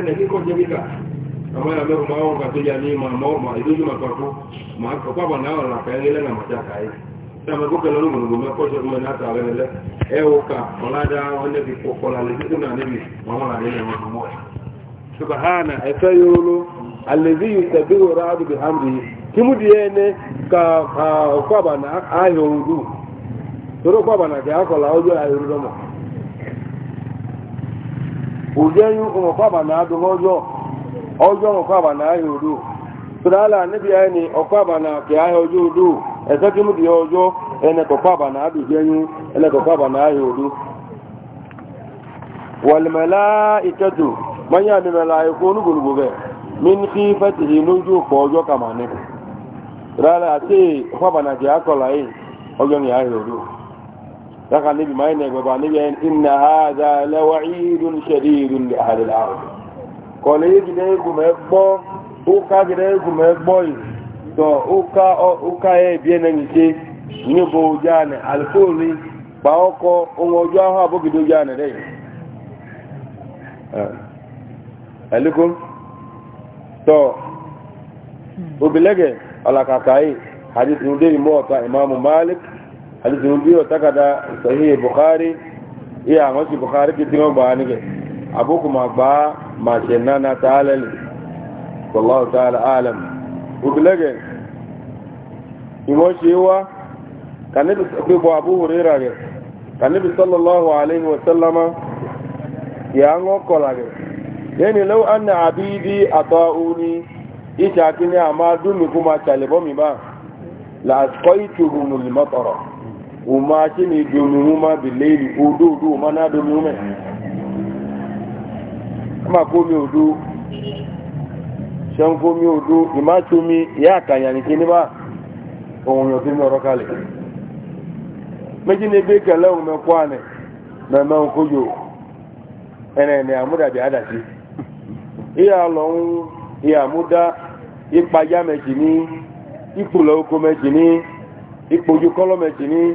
ẹnẹ kíkọ́ jẹ́ kíkà àwọn ẹ̀rọ mẹ́rin máa ń kà tó yà ní ma mọ́ ma ìdójú ma kọ́kọ́ ma kọ́kọ́ àbọ̀ náà ọ̀nà kàyẹ́ nílẹ̀ náà màjá kàyẹ́ sáàmì kókè lọ́nà gbogbo mẹ́kọ́ jẹ́ mọ́ náà tààrẹ lẹ́lẹ́ ẹ wò ká ọ̀làdá ọ̀nẹ́bí kọ́kọ́lá lè títí náà níbi wọn là nílẹ̀ wọn mọ́ ẹ̀. subahana ẹfẹ yorùlú alèzí ìtẹ̀bí wòrán àdùgbò hàmì kìmùdí ẹ ní ka ọkọ̀ àbànà ayọ̀ òdu torí ọkọ̀ àbànà kì enyi ujenyi ọkwaba na adụghị ọjọọ ọjọọ ọkwaba na ahịa odo sodala anabi anyị ni ọkwaba na ke ahịa ọjọọ odo esekim dị ya ọjọọ enekọkwaba na adụjenyi enekọkwaba na ahịa odo walimela iketu manya adịmela ekwu onugbolugbo gị min fi fetihi n'ojú ọ̀pọ̀ ọjọ́ kàmà ní sodala àti ọkwaba na ke akọla yìí ọjọ́ ni ahịa odo daga nabi mai ne gaba nabi yayin inna hadha la wa'idun shadidun li ahli al-ard kole yigi ne gume gbo o ka gire gbo yi to ka ka e bi ne ni ni bo jane ba oko ha bo gido hadisi biyo takada sahihi bukhari iya ngosi bukhari ki tingo ba ni ke abuku ma ba ma shenna na taala ni wallahu taala alam uglege ngosi wa kanibi ko abu hurairah ke kanibi sallallahu alaihi wa sallama ya ngo kola ke yani law anna abidi ata'uni isha kini ama dumi kuma talebo mi ba la asqaituhum al-matara uma ti mi ma muma bileli odo odo uma na domi mume ama komi odo sẹun komi odo ima tomi ya akanya ni kini ba ohun yọ kini ọrọ kalẹ méjì ni ebe kẹlẹ ohun mẹ kọ anẹ mẹmẹ ohun kojú ẹnẹ ẹnẹ amúdàbí àdàsí ìyá lọhùn ìyá amúdá ipa yá mẹjì ni ipò lọ oko ni, ní ipò ojú kọlọ ni.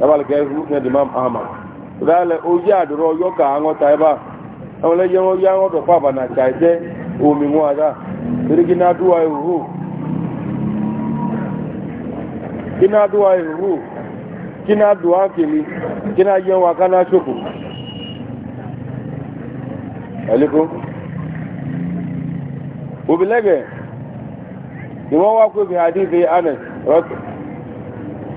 tabali kɛ ne di mam ahmad rale oyi adoro yɔ ka aŋɔ ta yɛ e ba ɛwọn yɛ aŋɔ kɔ abana tsa ɛsɛ omi ada na do e ayi hu e kina do ayi hu kina do akeli kina yɛn wa kana soko obi lɛgɛ bi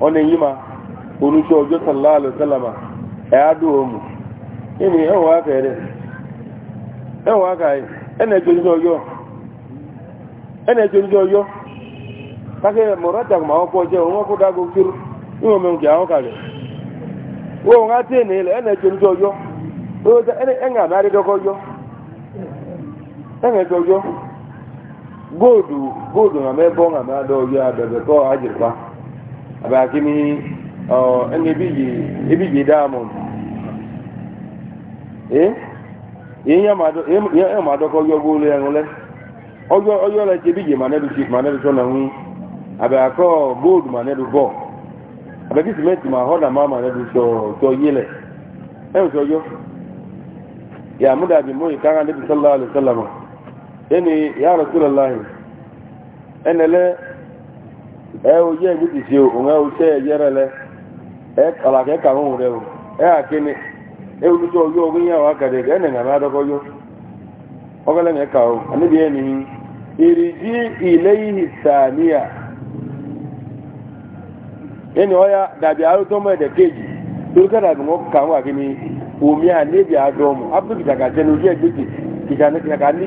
Ọ na-eyi e e e ma oníṣẹ́ ọjọ́ sàlálù sálàmà ẹ̀yàdù omu ẹni ẹwọ aka ẹ̀rẹ́ ọjọọ, aka ẹ̀ ẹ̀nà ọjọọ. oníṣẹ́ ọjọ́ ẹ̀nà ẹjọ́ oníṣẹ́ ọjọ́ kákẹ́ mọ̀rọ́tà kùmà ọkọ̀ jẹ́ òun kì góòdù góòdù àbá kí ni ẹni ibi yìí dáàmù ẹ́ èyàn máa ma ọjọ́ gbóòlù ẹ̀rùn lẹ́ ọjọ́ rẹ̀ ti ibi yìí manẹ́dù chief manẹ́dù ma ń àbẹ̀ àkọ́ ma manẹ́dù bọ́ àbẹ̀ kí sìmẹ́ntì máa họ́dà máa manẹ́dù sọ yàrá e oye egbutisi onwe ute ejerele ekala ka eka nwụ rewu eakini ewulite oyo ogo ihe ahụ akara ego ene ngama adọkọyo ogele na eka o anibi eni iriji ileyihi saniya eni oya dabi arutomo ede keji turka dabi ngo ka ngo akini omi anibi adomu abu kitaka tenu oye egbuti kitaka ni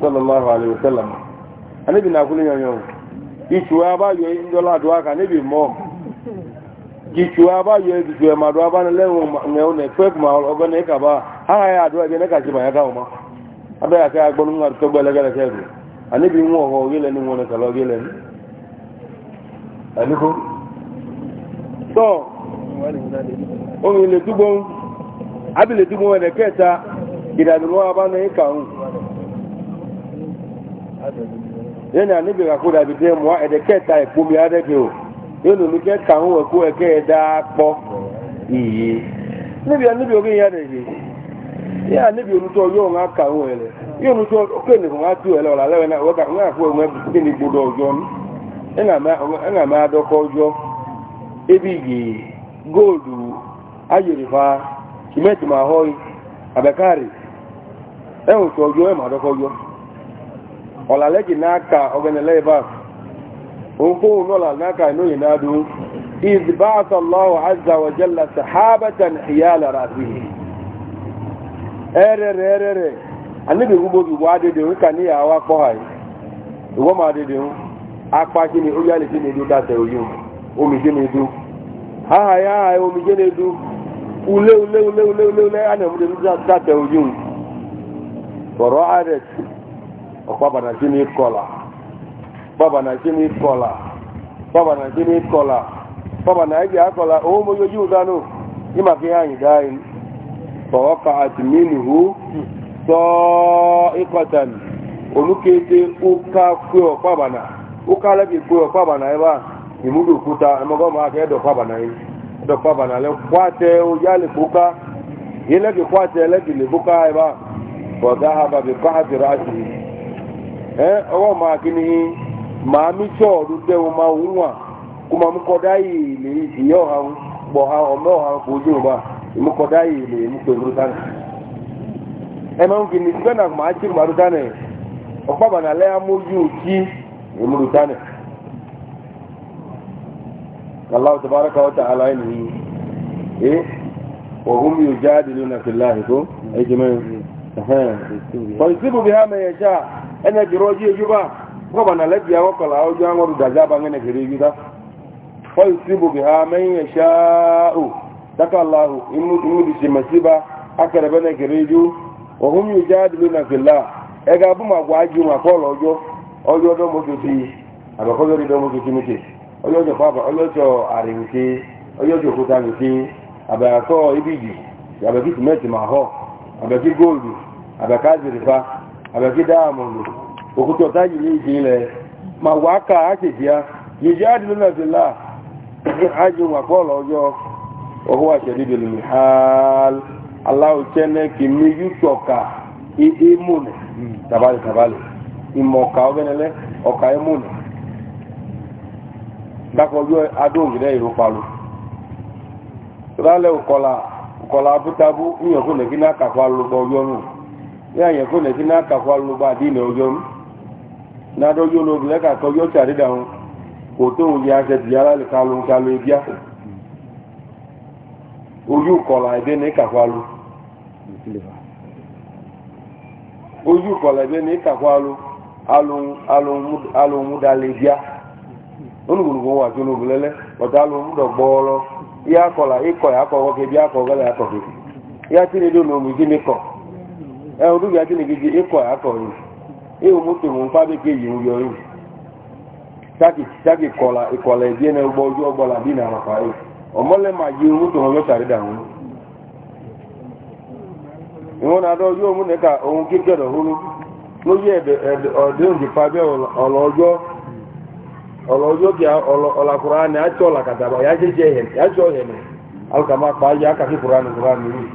sallallahu alaihi wasallam anabi na kulu yanyo ichuwa ba yo ndola ka nabi mo jichuwa ba yo jichuwa ma duwa ba na lewo ne ma ọ ne ka ba ha ya duwa ge ne ka ji ba ya ka o ma abe ya ka agbonu ngar to gbele gele ke anabi ho gele ni ka lo gele ni so o le abi le ne keta yẹn na anibi kakó dàbí tẹ mọ ẹdẹ kẹta ìkpomi adẹkẹ o yẹn lómi ń kpọ iye níbi anibi oge yẹn adẹkẹ yẹn anibi onutọ yóò ń aka ń wẹlẹ yóò onutọ oké nìkan wá tu ẹlẹ ọlà náà gbódò mẹ ebi góòlù Ọlaleji naka oghenele ịba hụ. Ogo ni ọlale ka n'oyena dị. Izzi ba asọ lọ wa eza wa dze lasịrị ha bata n'eya la laa Erere erere. A ni ugbo wubu a didi ụ ka ni ya waa kpọ haa. Iwoma didi ụ akpa ndị ni ya ọ ya ndị dị taa tew dị mụ. Omidze n'edu. Aha ya ha omidze n'edu. Ule ule ule ule ule a na de ndị taa Kpọrọ adị. ọ̀pábà náà kí ni kọlà pábà náà kí ni kọlà pábà náà kí ni kọlà pábà náà ẹgbẹ̀ akọlà òun mo yọjú ìdánù ìmà kí hàn ìdá yìí fọwọ́kà àti mínú sọ ìkọtàn olùkéde ọkà pé ọ̀pábà náà ọkà lẹ́bi pé ọ̀pábà náà ẹ bá ìmúdò kúta ẹmọgọ́mọ akẹ́ ẹ̀dọ̀ pábà náà yìí ẹ̀dọ̀ pábà náà lẹ kwáṣẹ oyá lè kóká yìí lẹ́bi kwáṣẹ lẹ́bi lè kóká ẹ bá fọ̀dá àbàbí kwáṣẹ rà sí i. ọwọ́ máa kí ni màá mi tí ọ̀dún dẹ́wọ́ máa ń wà kó máa mú kọ́dá yìí lè ìyá ń ha ọ̀mọ ọ̀ha ń fojú wa ìmú kọ́dá yìí lè mú pẹ̀lú sánà. ẹ máa ń kí ni síbẹ̀ náà màá tí màá sánà ọ̀pá kí nìyí ẹ mi ò ẹ mẹ́rin. ene jiri oji ejuba gọbana lebi aghọkọla oju anwụrụ dazi abanye na gere egida fọisi bụ ha mee ihe shaa'u takallahu imudisi masiba akarebe na gere eju ohun yi ja adịlu na fila ẹ ga abụ ma gwa aji ma kọlọ ọjọ ọjọ ọdọ mọtoti abakọlọri dọ mọtoti mite ọjọ ọjọ faba ọjọ ọjọ arị nke ọjọ ọjọ òkúta nke abakọ ibi jì abakí simenti ma họ abakí góòlù abakí azirifa àbẹ̀kídá àmọ̀lù òkútọ̀ táyì ní ìjìnlẹ̀ ma wà ká àṣèjìá yìí àdìlúnà fi láà ájùn àkọọ̀lọ̀ ọjọ́ ọwọ́ àṣẹ̀dìdìlù hàl aláwòtẹ́lẹ̀ kì ní yútọ̀ọ̀kà ìmúnẹ̀ tàbálì tàbálì ìmọ̀ọ̀kà ọgẹ́nẹlẹ́ ọ̀kà ìmúnẹ̀ dákọjú adóògìdẹ́ ìró palu rálẹ̀ òkọlà òkọlà abútabú ìyànkú nìkí náà kàfà lọ́gbọ̀ ọjọ́ náà ya yẹ kó nẹ̀sí náà kàkó alùpùpù àdí ìnà ọjọ́ mu na-adọ lóbi lẹ́ka àdídà wọn kò tó ń yẹ aṣẹ tìyà láti kalu kalu ebi àpò ojú kọlà ẹbí ní kàkó alù ojú kọlà ẹbí ní kàkó alù wà tó lẹ́lẹ́ ọ̀tá yà kọlà ikọ̀ yà kọ̀ kọ̀ akọ̀ kọ̀. ẹ ọdún yà tí nìkejì ikọ̀ akọ̀rin ihò mọ́tò ń fábí kejì ń yọ yìí sáàkì sáàkì kọ̀là ìkọ̀là ìdí ẹni ọgbọ́ ojú ọgbọ́là bí nà àràfà yìí ọmọlẹ́ máa yí mọ́tò wọn yọ sàrídà wọn. ìwọ̀n náà dọ́ yóò mú nìka ohun kíkẹ́ dọ̀ húnú ló yẹ ọ̀dẹ́hùn ti fábí ọ̀lọ́jọ́ ọ̀lọ́jọ́ kí ọ̀làkùnrin àti ọ̀làkàtàbà yà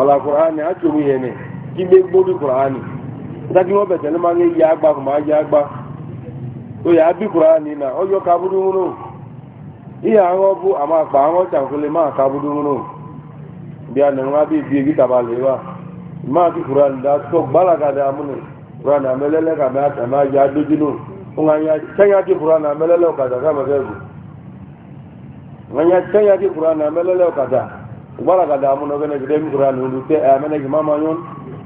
ọ̀la kùránì àtòmí yẹn kí kùránì bẹ̀tẹ̀ ní máa ń agbá máa agbá tó yà á bí kùránì náà ọjọ́ ìyá àwọn àwọn máa bí a nàrún abí ibi igi tàbá lè wá máa kí kùránì dá tó gbálàgàdà amúnì kùránì àmẹ́lẹ́lẹ́ kàmẹ́ àtàmẹ́ àjẹ́ adójú gbara ga damu na ogene gide hundu te eh, a mene gi mama yon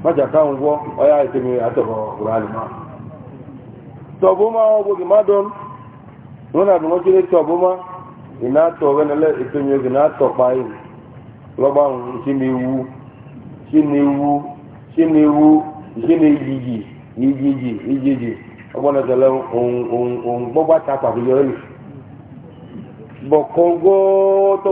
maja ka ngwo oya ite mi atobo ma to buma obo gi madon wona bi ngoji to buma ina to le gi na to lo ba un wu wu ta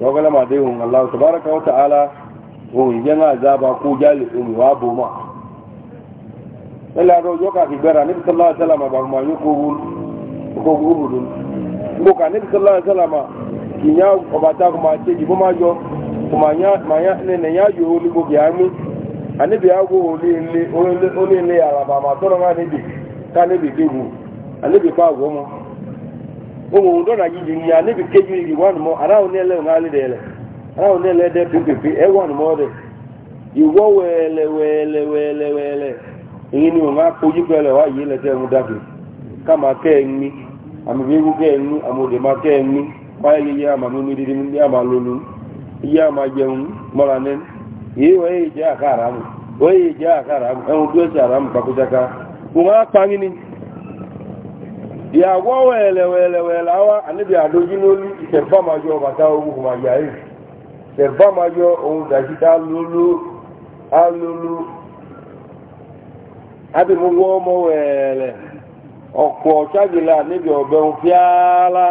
wagala ma dai hun Allah tabaraka wa ta'ala hun yana azaba ko jali um wa bo ma ila do yo ka ki bera nabi sallallahu alaihi wasallam ba ma yuko gun ko gurudun ko ka nabi sallallahu alaihi wasallam ki nya ko ba ta ko ma ce ji ma yo ko ma nya ma ya ne ne ya yo ni ko ya mi ani bi ago oli ni oli ni araba ma to ma ni bi ka ni bi bi mu O dọ́là yìí yìí ya níbi kéjú yìí wọ́n mọ́ ara òun nílẹ̀ òun alẹ́ ara ẹ wọ́n mọ́ dẹ̀ ìwọ́ wẹ́ẹ̀lẹ̀ wẹ́ẹ̀lẹ̀ wẹ́ẹ̀lẹ̀ wele èyí ni òun akójú pẹ̀lẹ̀ wá yìí lẹ́tẹ̀ ń dàgbé káma kẹ́ ẹ̀ mu ìyàwó wẹ̀lẹ̀ wẹ̀lẹ̀ wẹ̀lẹ̀ awa àníbi máa yọ bàtà owó kò máa máa ohun dàjíta lólu alólu ábìmúwò ọmọ wẹ̀lẹ̀ ọ̀pọ̀ ṣáàgìlà níbi ọ̀bẹ ohun fíálá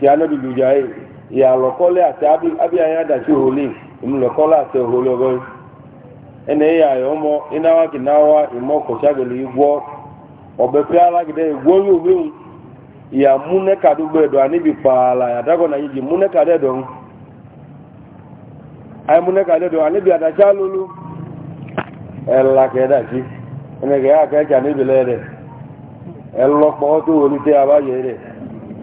ti e. a níbi gbìyà yìí ìyàlọ́kọ́lé àti abíyáyá àdàtì òhòlè ìmúlọ́kọ́lé àti òhòlè ọ̀bẹ ọmọ ìmọ̀ ìgbọ́ ọ̀bẹ ya mune dugbo edo anibi kpaala ya dago na yiji muneka dedo ai muneka dedo anibi adacha lulu ela ke daji ene ke ya ke chani bilere elo po to oni te aba yere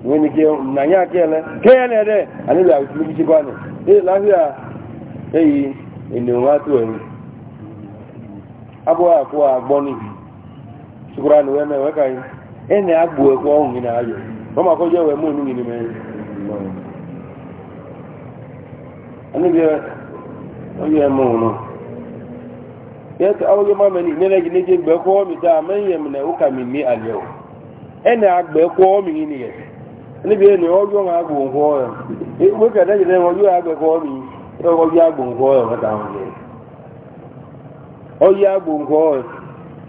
wini ke na nya ke ele ke ele de anibi a ti bichi kwani e lafia eyi ene wa to en abo akwa agboni shukrani weme wekai ẹni agbò ẹ̀kọ́ ọ̀hún ní ayọ̀ wọ́n máa kọjọ́ ẹ̀wẹ̀ mú inú yìí mẹ́rin ẹnibi ọyọ ẹmọ òun yẹtọ awọyọ máa mẹni ìnẹlẹ yìí níjẹ gbẹ kọ mi a mẹyìn mi náà ó kà ní alẹ o ẹni agbẹ kọ mi yìí ẹni ọjọ máa ẹ yìí lẹnu ọjọ agbẹ kọ mi ọjọ ẹ wọn ọjọ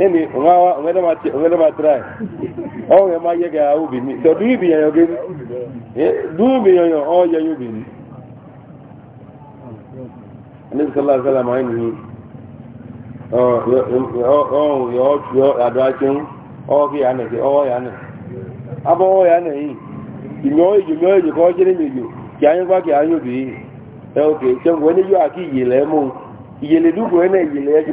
emi ngawa nwa ma ngene ma try o nge ma ye ga ubi mi so du bi yo ge eh, du bi yo o ye yo bi ni sallallahu alaihi wasallam o o oh, yo ya oh, oh, abo o ya yi yi yi ko jere mi yo ki kwa ki e o ke ni yo aki yi le mu ene ki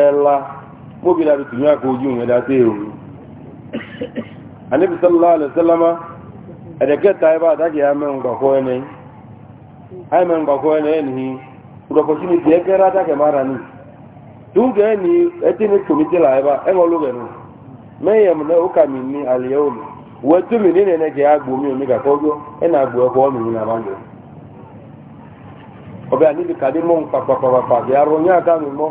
ẹ̀la móbi láti tùmí àkó ojú ìwọ̀n ẹ̀dá sí èrò àníbi Anyị alẹ́sẹ́lámá ẹ̀dẹ̀kẹta ẹbá àdájì àmẹ́ǹgbàkọ́ ẹni ẹni ọ̀dọ̀kọ̀sí ni tiẹ̀ kẹ́rẹ́ àdájì mára ní túnkẹ́ ẹni ẹtí ní tòmítìlà mọ́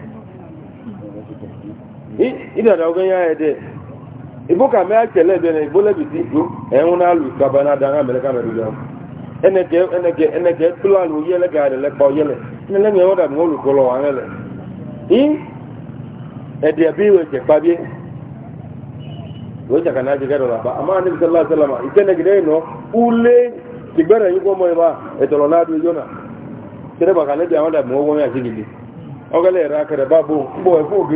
ịdara ogo ya ya ibu ka mee kele ebe e na ibolebiti ikwu enwu na alụ kaba na ada na amerịka meriri ahụ eneke eneke eneke tụlụ alụ yele ya adịle kpa oyele nele nye ụda bụ ụlọ kụlọ wa nele i ede ebe iwe che kpabie wee chaka na ajịga ba e na bụ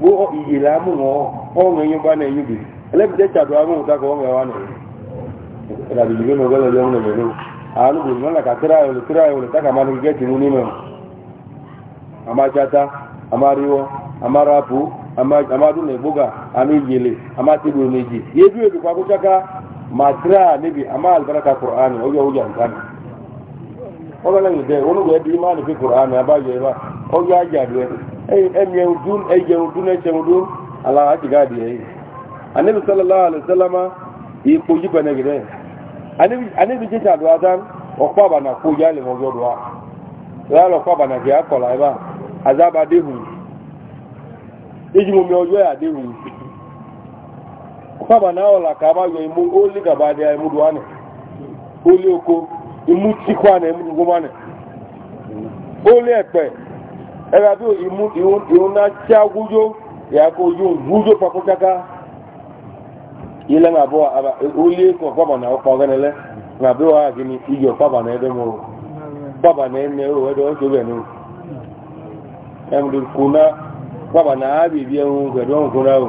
bo iyila mu ŋɔ ɔŋɛ nyo ba nɛ yubi ɛlɛbi tɛ tsa do amu ta ko ɔŋɛ wa nɛ ɛlabi yi no gɛlɛ lɛ ɔŋɛ lɛ alu bo nɔla ka tera yɔ le tera yɔ le ta ka ma ne gɛ ti mu ni mɛ ama tsata ama riwɔ ama rapu ama ama do ne boga ama yele ama di ma ne fi kɔrɔ ani aba ẹmìẹ̀hùn dún ẹjẹ̀hùn dún ẹṣẹ̀hùn dún aláwọ̀ ti gáàdì ẹ̀yìn anábì sọ́lọ́lá alẹ́sọ́lámá ìpò yípanẹ̀gẹ̀rẹ̀ anábì jẹ́ta àdúrádán ọ̀pọ̀ àbànà kó yálẹ̀ ọgbọ́dọ̀wà láàrọ̀ ọ̀pọ̀ àbànà kì á kọ̀lá ẹ̀bá àzába déhùn ejimomi ọjọ́ ẹ̀ àdéhùn ọ̀pọ̀ àbànà ọ̀là kà á má yọ imú ó lé gàba adé ẹmúdùwánẹ̀ ó lé oko imú tíkwánẹ̀ ẹmúdùgbọ́mánẹ̀ ó lé ẹ̀pẹ̀ ẹgbẹ́ bí ìhun náà tí a gújó ìyàkó yóò gújó papọ̀káká ilẹ̀ ń àbọ̀ olè kan pápá náà ọkọ̀ ọ̀gẹ́nẹlẹ́ ń àbẹ́ wà kí ni iyọ̀ pápá náà ẹ̀dẹ́ mọ́ o pápá náà ẹ̀nẹ́ o ẹ̀dẹ́ wọ́n tó bẹ̀ ní o ẹ̀mùdù kùnà pápá náà ábì bí ẹ̀hún gẹ̀dọ́n kùnà o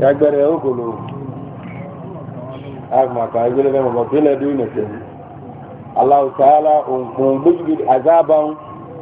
yàgbẹ́rẹ́ ẹ̀hún kò lò àgbàkà ẹgbẹ́lẹ́fẹ́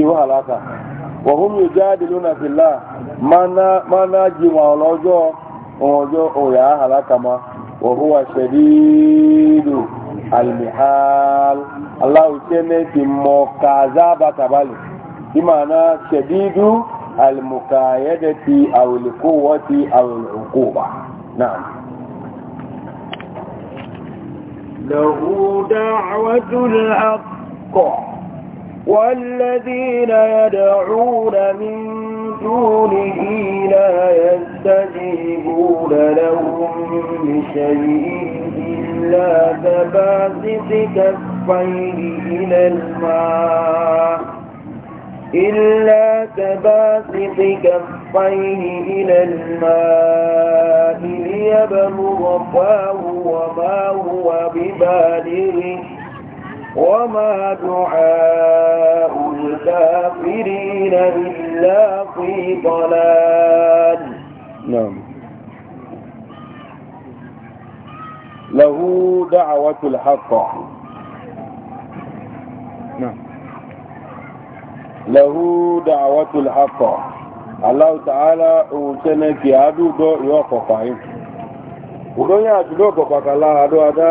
ìwọ àlàkà wọ̀hún yóò jáde lónà fìlà máa ná jí wọn ọlọ́jọ́ ọjọ́ òyà àlàkà ma wọ̀hún wà ṣẹ̀dídù alìmìhàl aláwùsẹ́nẹ́ ti mọ kàzába tàbálì bí máa ná ṣẹ̀dídù alìmùkàyẹ́dẹ̀ ti àwòlẹ̀kó wọ́n ti àwòlẹ̀kó bá náà. له دعوة الحق والذين يدعون من دونه لا يستجيبون لهم بشيء إلا تباسط كفين إلى الماء إلا تباسط كفين إلى الماء ليبلغ فاه وما هو ببالغه وما دعاء الكافرين إلا في ضلال نعم له دعوة الحق نعم له دعوة الحق Allah ta'ala òṣèlè kìí àdúgbò yóò kọ̀kọ̀ yìí. Òdó yà àdúgbò kọ̀kọ̀ kàlá àdó adá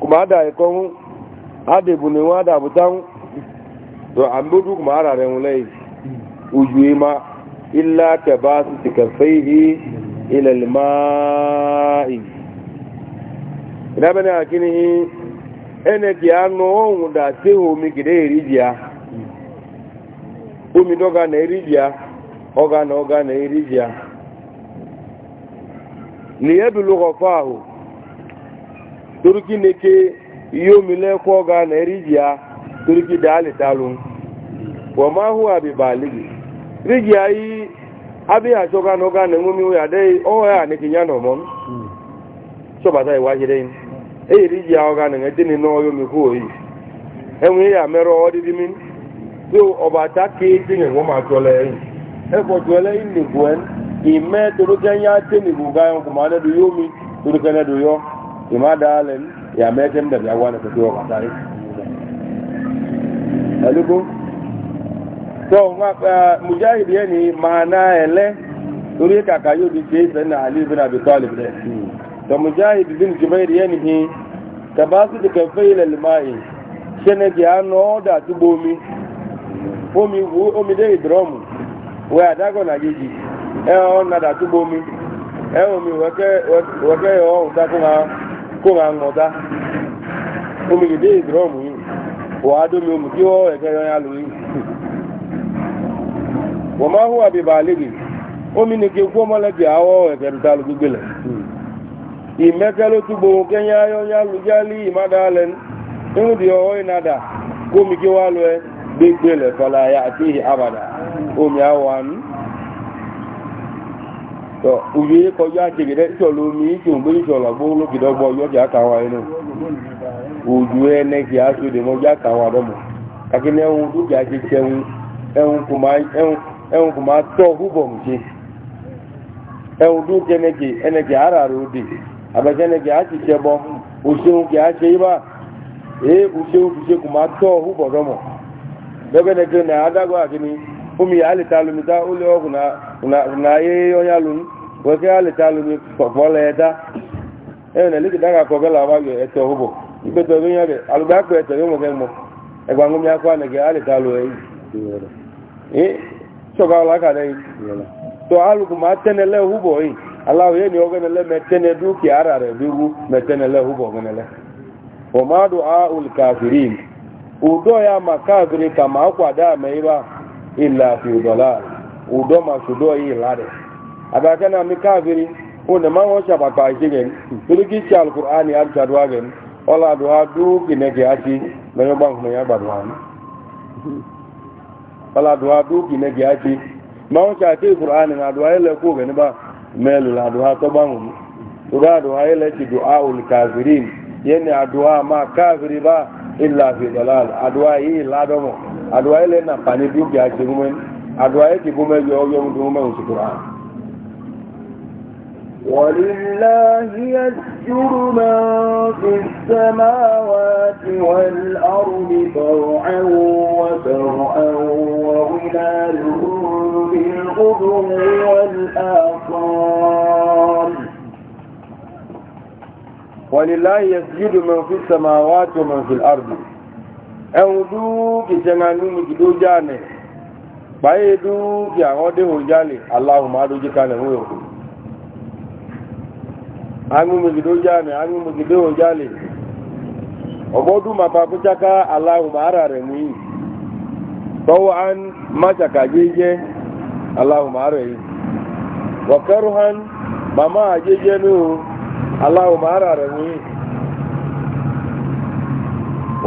kuma ada ikon ada ibune wa ada abutan to an budu kuma ara ren wulai ujuye ma illa ta ba su tikafaihi ila alma'i ina bane akini ene ki anu ohun da se omi kide irijia omi doga na irijia oga na oga na irijia liyebulu kofahu torí kí ni ké iye omi lẹ́kọ́ ga nàírí yìá torí kí dáálì dálù wọ́n máa hùwà bìbà lìgì rígì ayé abẹ́ àṣọ́gá nọ́gá nẹ̀mọ́mí ó yàdẹ́ ọ́wẹ́ àníkìyàn nà mọ́ sọ́bàtà ìwáṣẹ́ dẹ́yìn èyí rígì na nìyẹn tí nínú ọyọ́ mi kú na ima dalen ya metem da ya wani ta tuwa kasari alugo so eh, mujahid ya ni mana ele turi kaka yau ke na ali bin abi talib to mujahid bin jubair ya ni ka ba su da kafai lalmai shi ne ya omi omi dai drum wee adago na gigi e eh, ọ na da tubomi e omi ta ha. kó máa ń ọ̀dá omi ìdé ìdúrọ́ọ̀mù yìí wàá dómi omi kí wọ́n ẹ̀kẹ́ omi àwọ̀ ló gbégbé lẹ̀ ìmẹ́kẹ́ ló kẹ́yìn ayọ́ ìmádà lẹ̀ nínú di ọwọ́ ìnadà kómi kí wọ́n lọ ẹ gbégbé lẹ̀ fọlá àti àbàdà omi àwọn tọ òye kọjá àtẹgẹdẹ ìṣọlọ omi ìṣòǹgbé ìṣọlọ gbóòló kìdọgbọ ọjọ kìá kàwá inú òjò ẹnẹ kìá sóde mọjá wá dọmọ kàkínní ẹhun dúkìá ti ṣẹhun ẹhun kò máa ẹhun kò máa tọ ara ti ṣẹ bọ òṣèhun ṣe òṣèhun ṣe kò máa tọ húbọ dọmọ omi ya alita alumi ta ụlọ na ahịa onye alụm weke alita alumi e, kpọla e, e, ya ta ee na likita eto ụbọ ikpeta oge ya gị alụgba eto gị nwoke mmụ ịgwa ngụmị akwa na gị alita alụ eyi chọga ụlọ aka ma yẹn ni dúkìá ara bí wú a olùkàfìrí ya ma illa fi dalal udo ma sudo yi lade aba kana mi kafiri ma won chaba pa jigen turiki cha alqur'ani ab chadwa gen ola do adu kinege ati me yo bang ya badwa ola do adu kinege ati ma ti qur'ani na do ile ku gen ba melu la to bang ura do ile ti du'a ul kafirin yene ma kafiri ba illa fi dalal yi aduwa ile na fani biyu bi ake mumen aduwa yake kuma yo yo mu mu su qur'an ولله يسجد من في السماوات والأرض طوعا وكرها وظلالهم بالغدو والآصال ولله يسجد من في السماوات ومن في الأرض ẹ̀hùn dúkì jẹna nínú ìdó jáàmì báyé dúkì àwọn déhò jáàlì aláhùnmá dójí kalẹ̀ wọ́n yòókù agbóhùn ìdó jáàmì agbóhùn ìdó jáàlì ọgbọ́dún màbá kújáká aláhùnmá ara rẹ̀ mú yìí tọ́wọ́ án májàkà jẹ́jẹ́ aláhùnmá rẹ̀ yìí wọ̀kẹ́rù hàn màmá àjẹ́jẹ́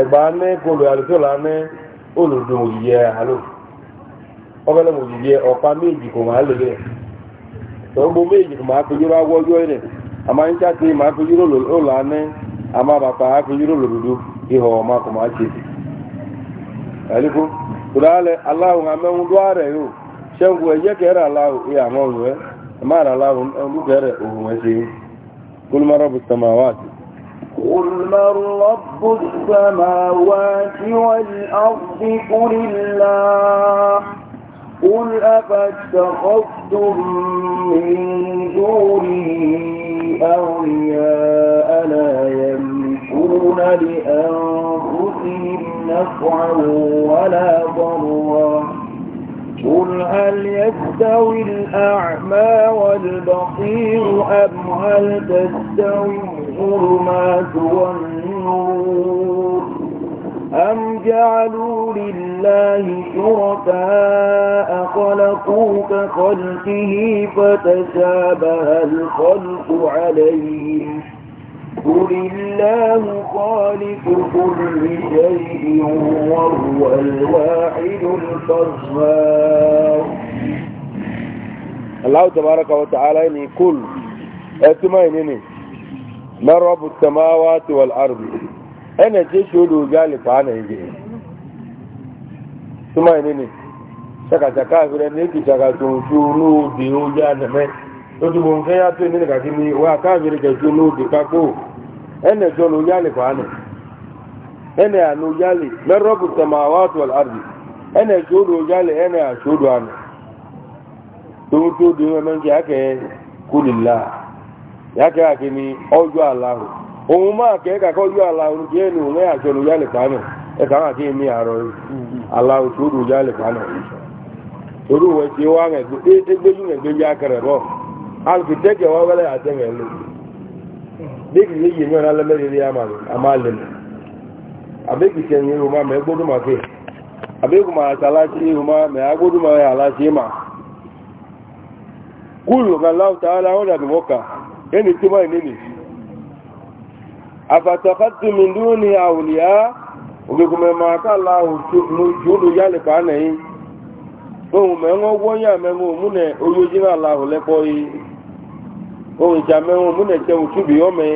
ẹgbà ní kolo àlùtò lánà olùdó òyìyẹ àlò ọgbẹlẹ òyìyẹ ọpa méjì kò máa lè lẹ tọgbó méjì kò máa fojúrò awọjọ rẹ àmà ń jáde máa fojúrò lòlánà àmà bàbá fojúrò lòdòdó ihò ọmọ kò máa ṣe àlékún tòlá yóò àwọn má قل من رب السماوات والأرض قل الله قل أفاتخذتم من دونه أولياء لا يملكون لأنفسهم نفعا ولا ضرا قل هل يستوي الأعمى والبصير أم هل تستوي الظلمات والنور أم جعلوا لله شركاء خلقوا كخلقه فتشابه الخلق عليهم قل الله خالق كل شيء وهو الواحد القهار الله تبارك وتعالى يقول اتماينني man rabu samawati wal ardi ene ce shi odo gali fa na yige tuma ne ne saka saka fere ne ki saka tun tu nu de o ja na me to du bon fe ya to ne ka kimi wa ka fere ke tu nu de ka ko ene jo lo gali fa na ene anu gali man rabu samawati wal ardi ene jo lo ya ka e ya kini ọjọ́ aláhùn òun ya kẹ́ẹ̀kà kọjọ́ aláhùn kí ẹnu òun ẹ̀yà jọnu yálẹ̀ pánà ẹ̀kà máa kí ní àárọ̀ aláhùn tó dùn yálẹ̀ pánà torí wọ́n ebe wá rẹ̀ tó égbéjú rẹ̀ gbéjú akẹrẹ bọ́ alùpùpù wọ́n wẹ́lẹ̀ àtẹ̀rẹ̀ lò bẹ́ẹ̀kì yé yìí mẹ́rin alẹ́mẹ́rẹ́rẹ́ amálẹ̀ mọ́ àbẹ́kì ma ìhùmá mẹ́ gbọ́dọ̀ ma ẹni tí wọ́n ní àfàtàkàtù mi lóní àwòlíyá ògbègbè máa kàlà òjòdó yálẹ̀ na nẹ̀yìn ohun mẹ́wọ́n wọ́nyà mẹ́wọ́n múnẹ̀ oyójínà aláhùn lẹ́pọ̀ yìí ohun ìjà mẹ́wọ́n múnẹ̀ tẹ̀wọ̀n túbì ọmẹ́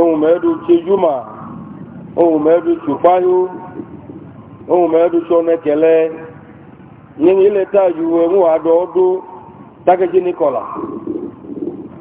ohun mẹ́ẹ̀dù tse júmà ohun mẹ́ẹ̀dù tùpáyó ohun mẹ́ẹ̀dù sọ́nẹ́kẹ̀lẹ́ ọdún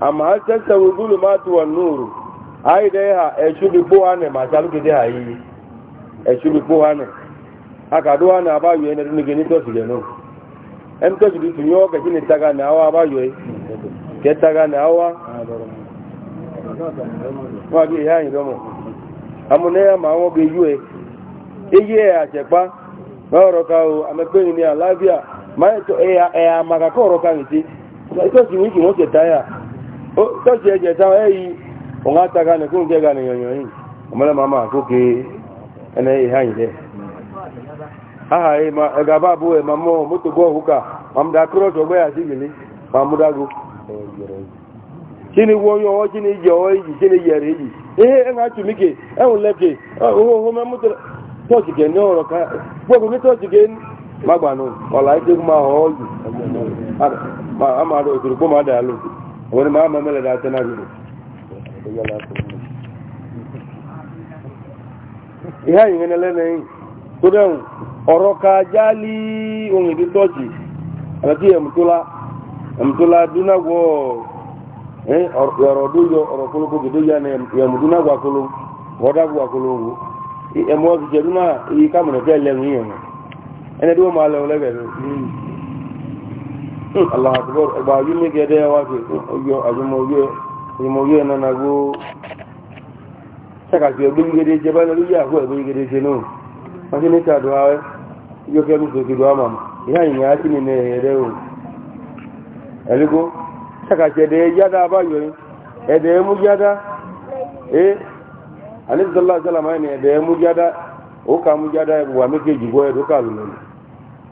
amma hal tastawi zulumatu wan nur ai dai ha e shubi ko ne ma salu ke dai ai e shubi ko ne aka do ana ba yo ne ni gini to sile no em to ji tu yo ga jini taga na awa ba yo ke taga na awa wa bi ya ni domo amune ya ma wo ge yu e iye a chepa ma oro ka o amepe ni alafia ma to e ya e amaka ko oro ka ni ti to si wiki mo se taya tọ́sí ẹ̀jẹ̀ táwọn ẹ̀yí òun àtàkà nìkún jẹ́gà nìyànyàn yìí ọmọlẹ́ màmá àkókè ẹnẹ ìhàyìn jẹ́ aha ẹ̀gà bá bú ẹ̀ mamọ́ mọ́tò gbọ́ òkúkà mamdà kúrọ́sọ̀ gbẹ́yà sí ìlú mamúdágó wọ́n yọ ọwọ́ ihe ẹ̀ ń atù ẹ̀hùn lẹ́kè owó owó ní wani ma mamala da tana gudu ìhá ìwé ni lẹ́nìí tó dẹ̀hùn ọ̀rọ̀ ka jálí ohun ìdí tọ́ọ̀tì àti ẹ̀mùtólá ẹ̀mùtólá dúnàgbọ́ ọ̀rọ̀ dójọ ọ̀rọ̀ kólókó kò dójọ ní ẹ̀mùdúnàgbọ́ akóló ọ̀dàgbọ́ akóló wo ẹ̀mù ọ̀sùn jẹ̀dúnà iye kámùnà tẹ́ lẹ́nu yẹn ẹni tí wọ́n máa lẹ́wọ́ lẹ́gbẹ̀ẹ́ Allahu Akbar ẹgbà ojú ní gẹ́gẹ́ wá sí ọjọ́ àjọmọ̀wé ẹ̀nà gbó ṣàkàtì ẹgbẹ́ gẹ́gẹ́ jẹ bá lórí yàgò ẹgbẹ́ gẹ́gẹ́ jẹ náà wọ́n ti ní sàdọ̀ ààrẹ yóò kẹ́ lóṣù tó dọ̀ àmàmà ìyá ìyìn á sì nínú ẹ̀rẹ́ o ẹ̀lúgbó ṣàkàtì ẹ̀dẹ̀ yádá abáyọ̀ ẹ̀dẹ̀ mú yádá ẹ́ alẹ́sọ̀lá sálàmà ẹ̀dẹ̀ mú yádá ó kà mú yádá ẹ̀bùwà méjèèjì gbọ́ ẹ̀dọ́ kà lónìí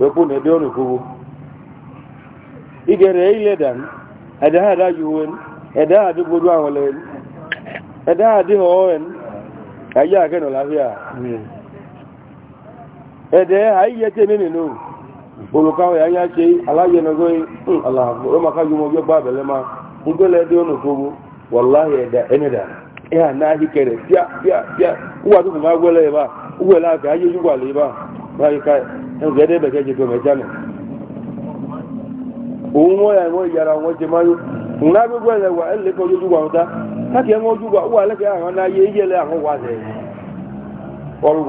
wepu na hmm, ebe ọnụ kwubu igere ọnụ ẹ̀dá àdá yúwen ẹ̀dá àdí gbogbo àwọn lẹ́yìn ẹ̀dá àdí ọ̀ọ́ẹ̀n ayé àkẹ́nà láfíà ẹ̀dẹ̀ ayé tẹ́ nínú nù olùkáwọ̀ yányá ṣe aláyẹnagọ́ aláàbò ọmọkájú mọ́ ẹgbẹ̀dẹ̀ bẹ̀kẹ́ jẹ́ tó mẹ́jánà òun wọ́n yà wọ́n yàrá wọn jẹ máyó òun gbogbo ẹ̀lẹ̀ wà ẹ̀lẹ́ kọ́ ojú gbà wọn ta láti ẹ̀wọ̀n ojú gbà wà lẹ́kẹ̀ẹ́ àwọn náà yé yẹlẹ̀ àwọn wà lẹ̀ ọrùn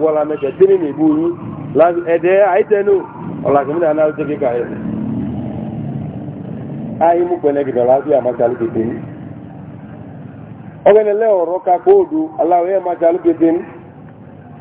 fún mẹ́kẹ́ ní ìbú yín ẹ̀dẹ́ àìtẹ́nu náà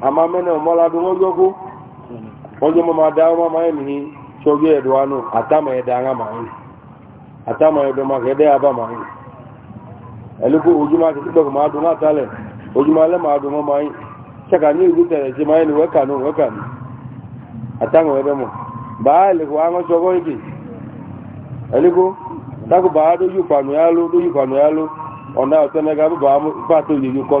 ama mene mola do ngojo ku ojo mama da mama emi choge edwanu atama edanga mai atama edo ma gede aba mai elugo ojuma ti do ma do ngatale ojuma le ma do mai chaka ni ugu tere ji mai ni weka no weka ni atanga edo mo ba le ko ango chogo iki elugo tako ba do yu panu yalo do yu panu yalo ona otene ga ba ba to yu ko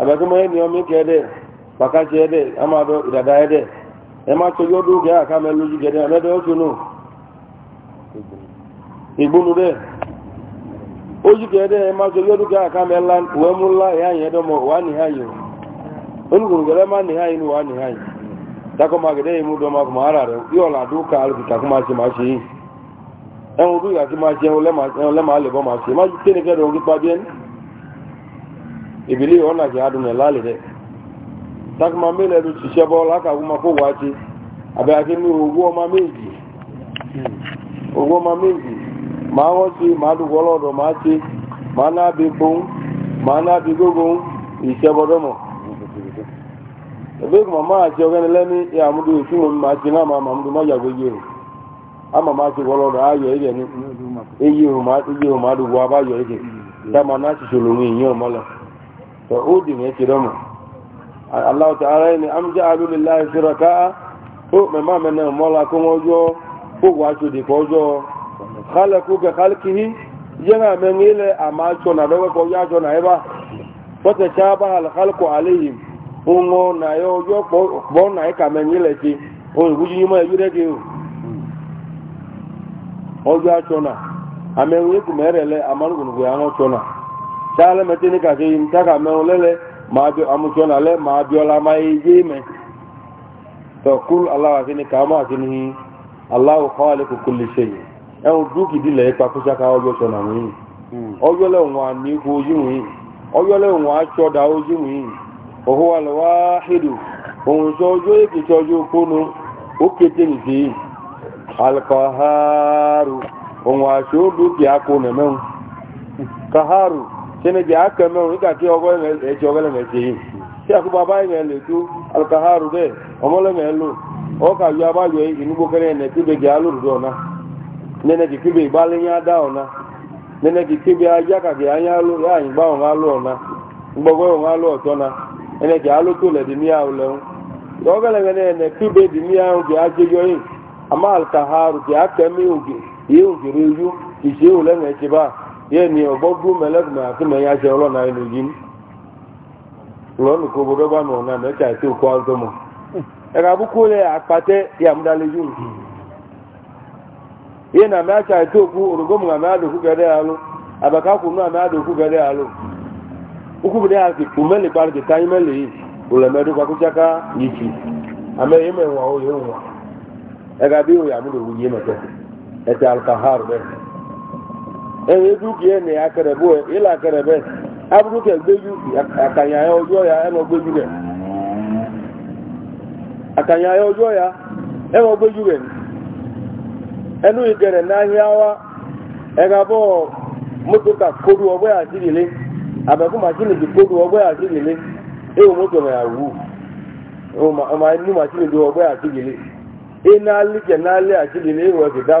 àgbàgbọ́mọ yẹn ni ọmọ ìkẹ́ ede pàkàṣẹ ẹ̀dẹ̀ amadu a ẹ̀dẹ̀ ẹ má tó yọ otu gẹ́gà ká mẹ́lú ojú gẹ́dẹ̀ ẹ̀mẹ́dẹ̀ ó tún nù ìgbónú dẹ̀ ojú gẹ́dẹ̀ o n tó yọ dúró gẹ́gà ká mẹ́lá wẹ́ mú ńlá ìhà re dọ́mọ wà ní ìhà yìí olùkùnrin gẹ́gẹ́ má ní ìhà yìí wà ṣe má ṣe ebili ọ̀nà kì á dùn ẹ̀ lálẹ́ dẹ̀ takuma mélòó ló ti ṣiṣẹ́ bọ́ lákàwọ́ máa kó wá ṣe àbẹ̀ àti ní owó ọmọ méjì owó ọmọ méjì máa wọ́n ṣe máa ma ebe kuma máa na ọgẹ́ni lẹ́ni ẹ àmúdó ma máa ṣe náà máa àmúdó a máa máa ṣe wọ́lọ́dọ̀ ayọ̀ ẹ̀jẹ̀ ní iye òun máa dùgbọ́ abáyọ̀ ẹ̀jẹ̀ dáa máa saudi ne ke domin Allah ta'ala ni am ja'alu lillahi shuraka o me ma me na mola ko mojo o wa to di khalaqu ka khalqihi yana men ile ama na do ko ya to na eba wa ta shaba al khalqu alayhim na yo yo bo na e ka men ile ti o wuji ma yure ke o ojo na amen we ku merele amarugun ya taale mete ni kake yi mtaka meolele maabio amukiona le ma la maijime to kul allah akini kama akini allah khaliqu kulli shay e o duki dile pa ko mm. saka ojo sona mi ojo le won ani ko oju mi le da mi o al e ki o ni al qaharu wa duki tẹ́nẹ̀jẹ̀ akẹ́mẹ́ òun nígbà tí ọgọ́ ẹ̀jẹ̀ ọgọ́lẹ̀mẹ̀jẹ̀ yìí tí àkóbá báyìí ẹ̀ lè tó alùkàhárù bẹ́ẹ̀ ọmọlẹ́mẹ̀ ẹ̀ lò ọkà yọ abáyọ ìnugbókẹ́rẹ́ ẹ̀nẹ̀ tí bẹ̀jẹ̀ alòrùdọ̀ ọ̀nà nẹ́nẹ̀jì ọ̀nà ọ̀nà yé ni ọgbọ na mẹlẹkùnmẹ àti mẹyìn aṣẹ ọlọ́nà ẹnu yìí lọ́nù kó gbogbo bá nù ọ̀nà mẹ́ta àti òkú àtọ́ mọ̀ ẹ̀ka àbúkú lẹ àpàtẹ yàmúdálẹ́jú yé nà mẹ́ àti àti òkú òrùgbọ́mù àmì àdòkú gẹ́dẹ́ àlọ́ nù àmì yìí yìí fi ó bí ẹ̀yẹ dúkìá ní akẹrẹ̀bọ́ ẹ̀ ilẹ̀ akẹrẹ̀bẹ́ abúrúkẹ̀ gbéjú àkànyà ọjọ́ ya ẹ̀mọ gbéjú rẹ̀ àkànyà ọjọ́ ya ẹ̀mọ gbéjú rẹ̀ ẹnu ìgẹ̀rẹ̀ n'ahịa wa ẹ̀gàbọ̀ moto ka kodu ọgbẹ́ àtìrìlé àbẹ̀kú màṣínì ti kodu ọgbẹ́ moto ọmọ ti ọgbẹ́ ẹ̀ kẹ̀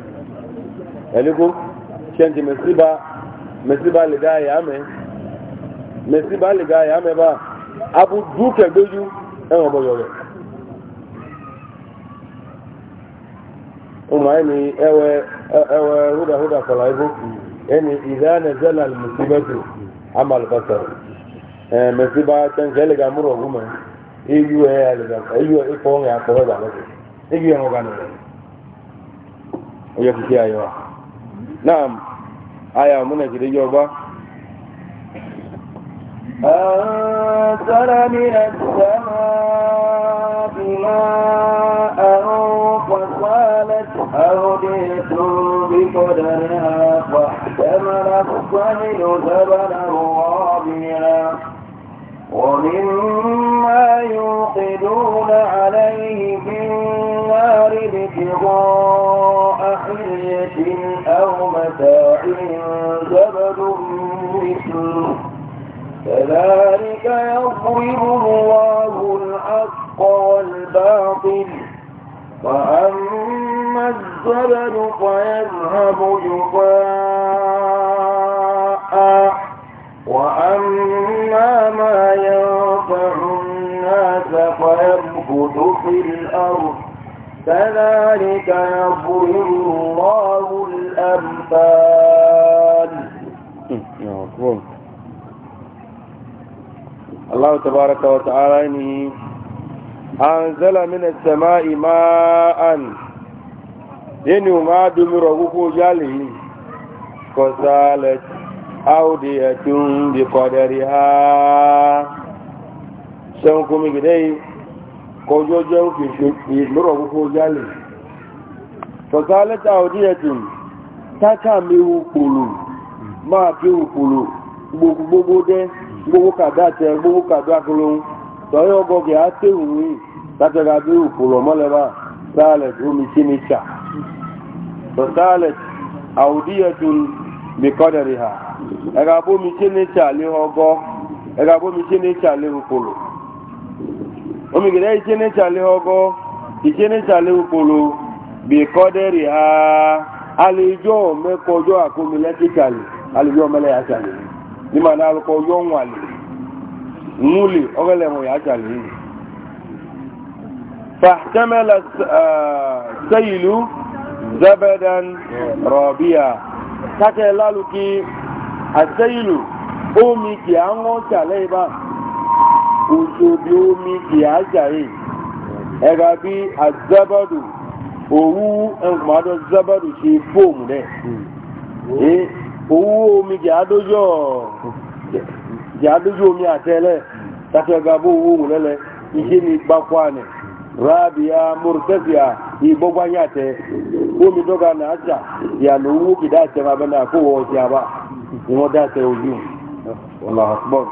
ẹ̀lẹ́kọ́ ṣẹ́ǹtì mẹ̀síbà lè gá ẹ̀yà mẹ́ mẹ̀síbà lè gá ẹ̀yà Anyị bá abudu kẹgbẹ́jú ẹ̀wọ̀n bọ̀yọ̀ rẹ̀ ọmọ ẹni ẹwẹ húdàhúdà kọlá ibó ẹni ìdáná zẹ́là mẹ̀síbà ya ya نعم آية من أجل يوبا أنزل من السماء ماء فصالت أودية بقدرها فاحتمل الصهل زبنا رابيا ومما يوقدون عليه في النار ابتغاء هدية أو متاع زبد مثله كذلك يضرب الله الحق والباطل وأما الزبد فيذهب جفاء وأما ما ينفع الناس فيمكث في الأرض كذلك يضرب الله الأمثال الله تبارك وتعالى إنه أنزل من السماء ماء ينو ما دمره جاله فسالت أودية بقدرها شنكم إليه kọjọ jẹ́ òkèèkè ìlúrọ̀ púpọ̀ jálẹ̀ sọ̀tà lẹ́tà òdíyẹ̀tì tákà méwu pòlò máa kéwu pòlò gbogbogbò dẹ́ gbogbo kàdá tẹ gbogbo kàdá kọlọ́hún tọ́yọ́ ọgọ́gẹ́ á téwù ní látọ̀gá méwu pòlò ọgọ́ omigide ichene chale ogo ichene chale ukpolo bikoderi ha alijo mekojo akomile kichale alijo mele ya chale nima na aluko yo nwale nwuli ogele mo ya chale fahtamala eh, sailu zabadan rabia kake laluki asailu omi ki anwo chale ba oṣù bí omi ìyájàre ẹ̀rà bí azẹ́bọ̀dù owu ẹnkùnmọ́dọ̀ zabadu ṣe fóòmù rẹ̀ Owu omi adojo omi àtẹ́lẹ̀ tàbí ẹ̀gà bó owó òun lẹ́lẹ̀ iṣẹ́ ni gbákwá nì rábíà anya ìgbọ́gbányàtẹ́ omi dọ́gba náà jà ìyàlò owó kìdá àtẹ́mabẹ́lẹ̀ àkówọ́ ọ̀tí àbá ìwọ́n dá àtẹ́ ojú ọ̀làhàtbọ́ọ̀lù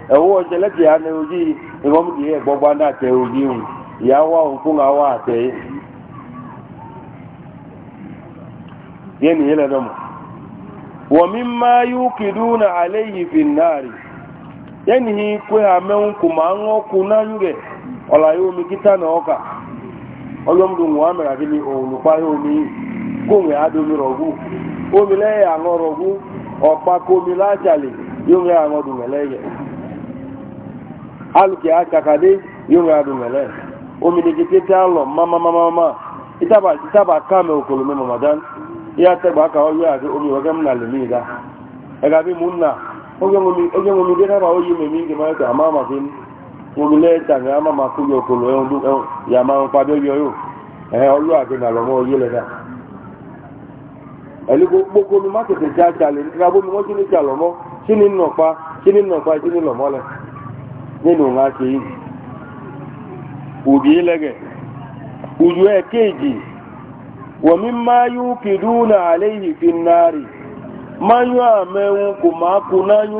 ẹ̀wọ́ ọjọ́ ya ní ojú ìwọ́mùkì yẹ gbọ́gbá náà tẹ ojú ìwù ìyá wà òǹkún àwọ̀ àtẹ yẹn nìyẹn wọ́n mi máa na alẹ́ yìí fi náàrí yẹn nìyí pé àmẹ́hùn kò máa ń ọkù náà yú rẹ̀ ọ̀là yóò kíta náà ọkà ọlọ́mùdù wọn àmẹ́rà kí ni òǹlùpá yóò kóhùn àdómi rọ̀gù omi lẹ́yìn àwọn rọ̀gù ọ̀pá kómi yóò alùpùpù àkàkàdé yóò rà dùn mẹ́lẹ́ a lọ mámámámá ìtàbà kàmẹ́ ya ya omi ìwọ́gẹ́ múnà lè mí ìdá ẹ̀ka bí mú nà oge omi dé dábàá me mẹ́mí ìgbìmọ̀ ẹ̀ka àmà àmà fi omi lẹ́ẹ̀ta ní àmà ya kúrò gbogbo tètè já jalè wọ́n ti ní nọ̀pa nọ̀pa lọ̀mọ́lẹ̀ nínú wọn ṣe yìí òbí lẹ́gẹ̀ òjò ẹ̀ kéèjì wọ̀mí máa yú kìdúnà àléyìí fi máa yú àmẹ́hun kò máa kú náyú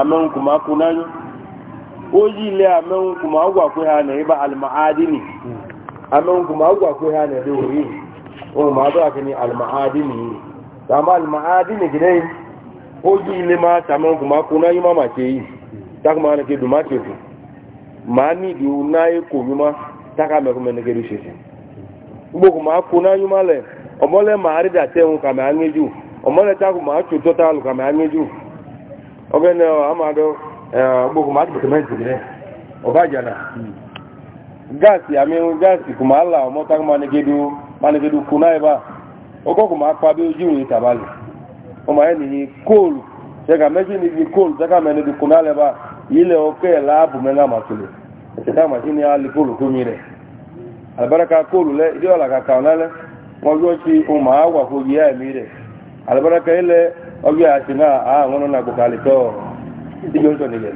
àmẹ́hun kò máa kú náyú ó yí àmẹ́hun kò máa wà ni yìí ó yí máa kò máa kú náyú má máa ṣe takuma ne ke duma e teku maa ni di e o n'a ye ko ɲuman taka mɛ ko mɛ maa ko lɛ ka mɛ an ŋeju ɔmɔ lɛ maa tso tɔ taalu ka nɛ ɔ ama dɔ ɛɛ gbogbo maa tɛmɛ tɛmɛ tɛmɛ o ka jana gaasi ami gaasi kuma ala ɔmɔ takuma di o maa di o ko ye ba o kɔ bi o ji o ye ile oke laabu mena matulu ta machine ya likulu kumire albaraka kulu le dio la kakana le wojo ti uma wa ko ya mire albaraka ile asina a ngono na to dio to nige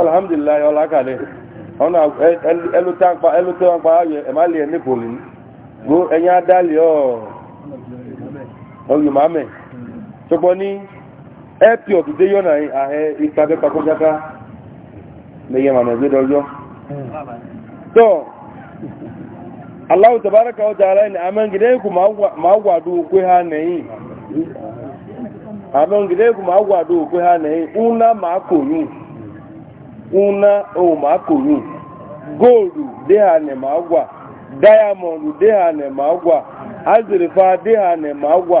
alhamdulillah wala kale ona elu elu ni go enya mame ẹ̀pì ọ̀dùdé yọ́ na ààrẹ ìpàdé pàkójáká lẹ́yẹ màmà ẹgbẹ́ dọ́jọ́ tó aláwọ̀ tàbárakà ọjà ara ẹni amẹ́ngidẹ́kù máa wàdó òkwé ha nẹ̀yìn amẹ́ngidẹ́kù máa wàdó ha nẹ̀yìn máa una góòlù dé ha nẹ̀ máa wà dé ha nẹ̀ máa wà azìrìfà dé ha nẹ̀ máa wà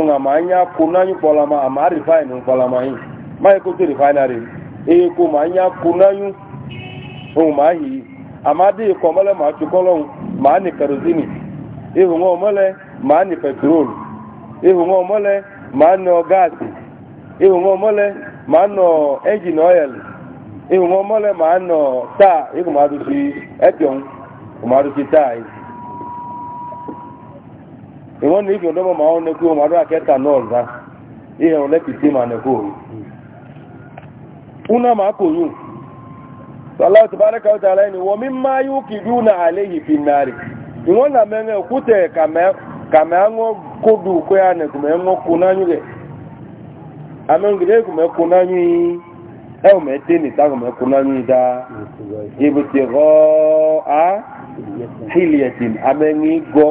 nga ma anya ko nanyu kpola ma ama refine kpola ma yin ma ko to refinery e ko ma anya ko nanyu o ma hi ama de ko mole ma tu kolon ma ni kerosene e ho ngo mole ma ni petrol e ho ngo mole ma no gas e ho ngo mole ma no engine oil e ho ngo mole ma no ta e ko ma du si epion ko ma du si tai ìwọ́n ní ibi ọ̀dọ́mọ̀ máa ń nekú ọmọdé akẹta náà rá ihe ọ̀rọ̀ lẹ́pìtì máa nekú òun ụmụ máa kò yùn sọláwọ́ ti bára káwọ́ tààrà ẹni wọ́n mi máa yóò yìí fi ìwọ́n mẹ́rin kàmẹ́ kódù kó yà nà kùmẹ́ kó rẹ̀ amẹ́ngìdẹ́ kùmẹ́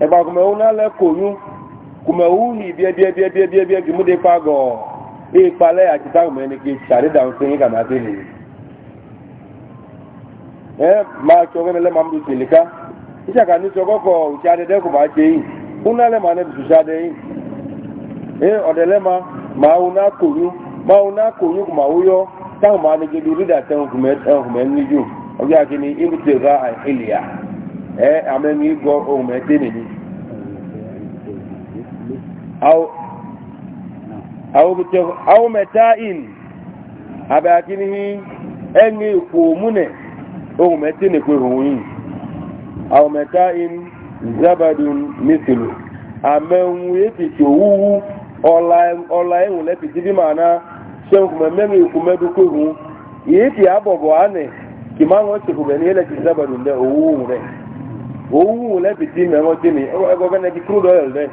ẹgbà kùmẹ̀wó náà lẹ kòyún kùmẹ̀wó ní ìbíẹ́bíẹ́bíẹ́bíẹ́ kì mú dé pàgọ́ ìpalẹ́ àti táwọn ẹni ni. ẹ máa sọ fẹ́mi lẹ́ máa ń bu tìlíkà ìṣàkà ní sọ kọ́kọ́ òṣìṣẹ́ adẹ́dẹ́ kò máa ṣe yìí kún náà lẹ́ máa ní bùṣẹ́ adẹ́ yìí. ẹ ọ̀dẹ̀ lẹ́ ẹ amẹ́mi ohun ẹ̀dẹ́ nìyí àwọn mẹ́ta in abẹ́ akínihí ẹni ìpò múnẹ̀ ohun ẹ̀dẹ́ nìkú ìhòhùn yìí àwọn mẹ́ta in zabadun mithlu amẹ́hun ètìtì òwúwú ọlá ẹ̀hùn lẹ́pìtì bí màá náà ṣẹ́hùn kùmẹ̀mẹ́rin ìkùmẹ́dúkú ìhùn yìí ti àbọ̀bọ̀ ánẹ̀ kì ṣèkùnbẹ̀ ní ẹlẹ́tì zabadun òwúwú rẹ̀ òun wò lẹ́bi tí mẹ́rọ tí mi ẹgbẹ́ bẹ́ẹ̀ ti kúrò lọ́yọ̀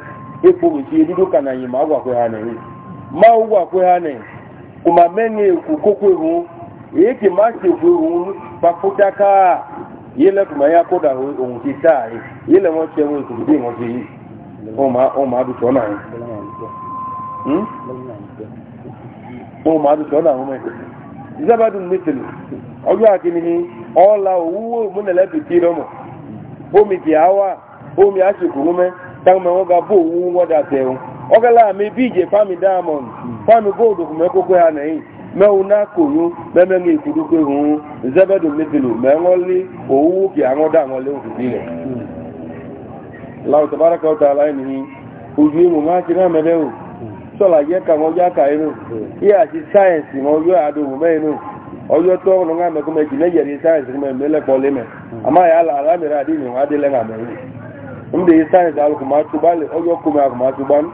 epo mi ti dúdú ha máa wà ha kò máa mẹ́ni èkó kókó ìhun èyí kì máa ṣe yìí lẹ́kùn máa yá kódà ti sáà yìí lẹ́wọ́n ṣe wọn èkó máa dùn sọ́nà yìí máa dùn sọ́nà ọjọ́ àkínní ọ̀la òwúwo omi kì á bomi omi á sì kùrú mẹ́ táwọn ọmọ ọgá bò wú wọ́dà tẹ̀wọ̀n mi bí ìjẹ fámi diamond fámi gold kò mẹ́kó pé hàn ẹ̀yìn mẹ́wọ́n náà kò yún mẹ́mẹ́ ní ìkúdú pé hùn zẹ́bẹ̀dùn mẹ́tìlù mẹ́wọ́n ta ni ti ọjọ́ tó ọ̀rọ̀ ńlá mẹ́kọ́ mẹ́kì lẹ́yẹ̀ rí sáyẹ̀nsì mẹ́ mẹ́lẹ́kọ́ lẹ́mẹ́ àmọ́ àyà alámìíràn àdé adé lẹ́nà mẹ́rin ńdè sáyẹ̀nsì alùkùnmá túbá lè ọjọ́ kó mi àkùnmá túbá ní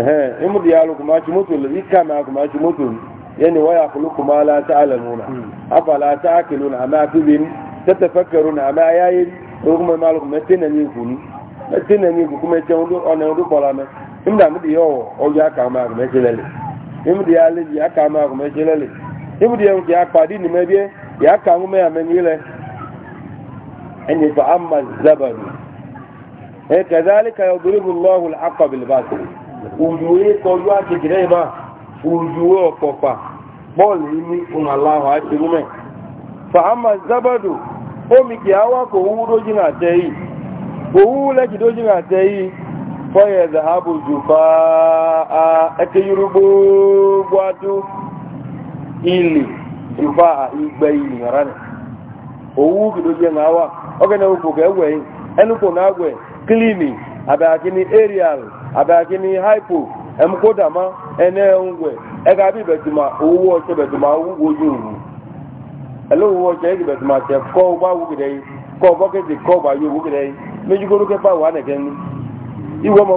ẹ̀hẹ́n ńdè alùkùnmá tí mọ́tò lè ìka mi àkùnmá tí mọ́tò hmm. ní yẹni wọ́yà ibudi dị akpa dị n'ime bíẹ ya kà ń mẹ àmẹnyí lẹ fa ama zabadu ẹ kẹdàlí ka yọ dúró fún lọ́hùn akọ̀bìlìbàtì òjòwé tọ́jú àkèkèrè yìí bá òjòwé ọ̀pọ̀pà bọ́ọ̀lù ụmụ ala ahụ a àti rúmẹ̀ fa ama zabadu o kìí awa ili jubaha igbe ili ngarane owu gido je ngawa oge na upo gewe enupo na agwe klini abakini aerial abakini hypo emkodama ene ngwe ega betuma owu oche betuma owu goju owu elo betuma pa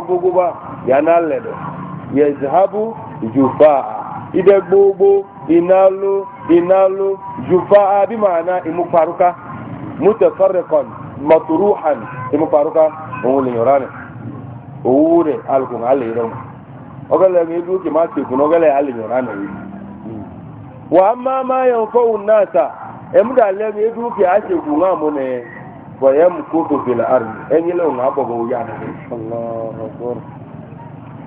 gbogbo ya na inalu inalu jufa'a bi ma'ana imufaruka mutafarriqan matruhan imufaruka òun lè yọra rẹ̀ owó rẹ̀ alùpùpù alè mi dúró kì máa ṣe ìkùnà ọgọ́lẹ̀ alè yọra rẹ̀ yìí wà á máa máa yẹn fọ́wọ́ náà ta ẹ̀múdà lẹ́mi dúró kì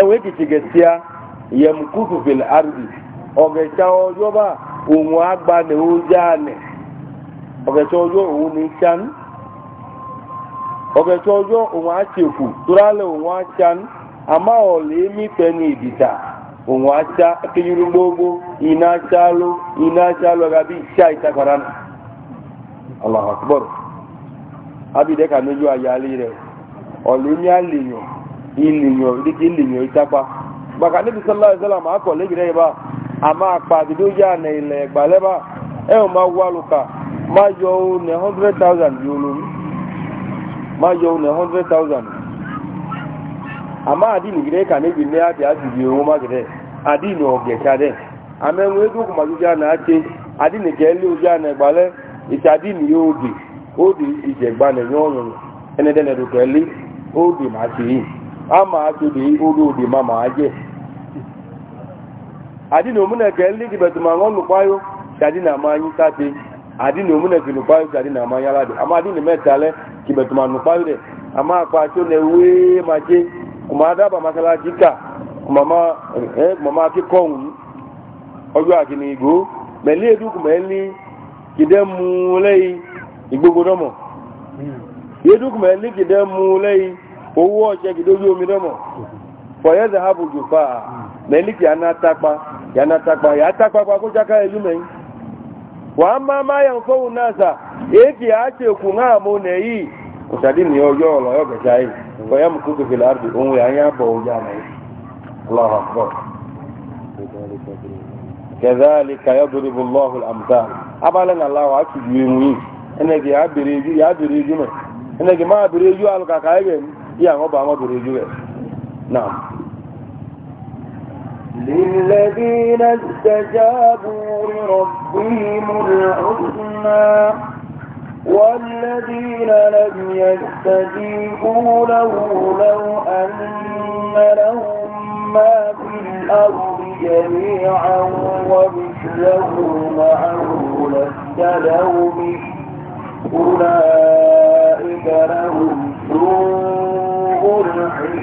ẹwẹ́ tètè gẹ̀síà yẹm kútù fìlà àrùbí ọ̀gẹ̀tsà ọjọ́ bá òun àgbà ní oúnjẹ àná ọ̀gẹ̀tsà ọjọ́ òun ní sàn ọ̀gẹ̀tsà ọjọ́ òun àtsẹ̀kù turalẹ̀ òun àtsàn àmà ọ̀lẹ́ mi pẹ̀ ní ìdìtà òun àtsà gbogbo iná àtsà ló iná àtsà ló gàbí ìtsà ìtàkàrà nà alahu akbar abidẹ rẹ ọ̀lẹ́ mi àlè ilinyo dịka maka nebi sallallahu alaihi wasallam akọla egire a ama akpa bido ya na ile gbaleba ewu ma gwa luka ma yọ ne 100,000 yolu ma yọ ne 100,000 ama adi ni gire ka nebi ne ati ati bi ma gire adi ni oge ama enwe ya na adi ni ya na gbale ita adi ni na ma ti yi ama atụbi oge udi ma ma aje adị na omeneke ndị dibetụ ma ṅụọ nụkwayo na ama anyị tate adị na omeneke nụkwayo chadị na ama anyị aladị ama adị na metale kibetuma ma nụkwayo de ama akpa achọ na ewe ma je kuma adaba masalaji ka kuma akịkọ nwụ ọjọ́ àti ní ìgbó mẹ̀lí èdúkù mẹ́lí kìdẹ́mú lẹ́yìn ìgbógbódọ́mọ̀ hmm. èdúkù mẹ́lí kìdẹ́mú lẹ́yìn owó ọ̀jẹ́ gidi ojú omi lọ́mọ̀ fọ̀yẹ́ zahabu jùfà mẹ́líkì anátápa yánátápa yátápa pa kó jáká ẹlú mẹ́yìn wàá má má yàn fóun náà sà èkì àtẹkù náà mo nẹ̀ yìí òṣàdì ní ọjọ́ ọ̀lọ́ ọ̀gẹ̀ sáyé fọ̀yẹ́ mú kútù fìlà àrùbí yà ń yà bọ̀ ọjà mẹ́yìn allah akbar kẹzaalika yaduribu lọhùn abalẹ̀ ń aláwọ̀ àtúndì ẹ̀mú yìí ẹnẹ́gì ẹjú ẹnẹ́gì má ẹjú yíyà نعم. للذين استجابوا لربهم الحسنى والذين لم يستجيبوا له لو أن لهم ما في الأرض جميعا ومثله معه لاستلوا به أولئك لهم سوء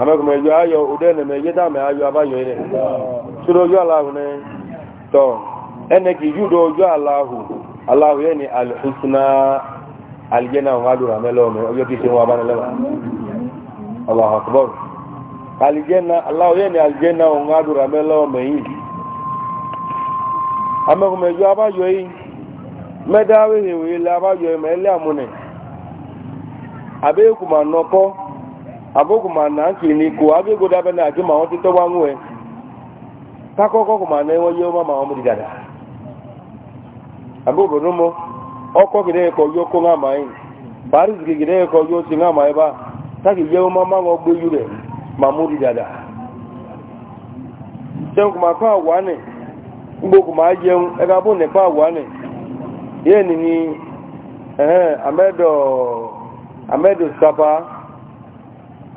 amẹ́kùnmọ̀ ẹjọ́ ayọ̀ òdó ẹnẹ̀mẹ̀ ẹjẹ́ dáàmẹ́ ayọ̀ abáyọ̀ ne ṣúdó ojú Alahu ní na ẹnẹ kì yúdó ojú aláhù aláhù yẹ́ ni alìfúnṣúná alìjẹ́nà àwọn adùn àmẹ́lọ́mẹ́ ọjọ́ kìí ṣe wọn abánilẹ́wà aláhù akọbọ̀rù alìjẹ́nà aláhù yẹ́ ni alìjẹ́nà àwọn adùn àmẹ́lọ́mẹ́ yìí ni ẹjọ́ abáyọ̀ yìí abụghị ma na ntị n'ikwu abịa egodo abịa na ajụ ma ọ tụtụ gbanwee takọkọ na enwenye ụma ma dada abụ obodo ọkọ gịdị ịkọ ọyọ ọkụ nwa amaghị bari zigi gịdị nwa ba taki ye ụma ma ọ yure ma dada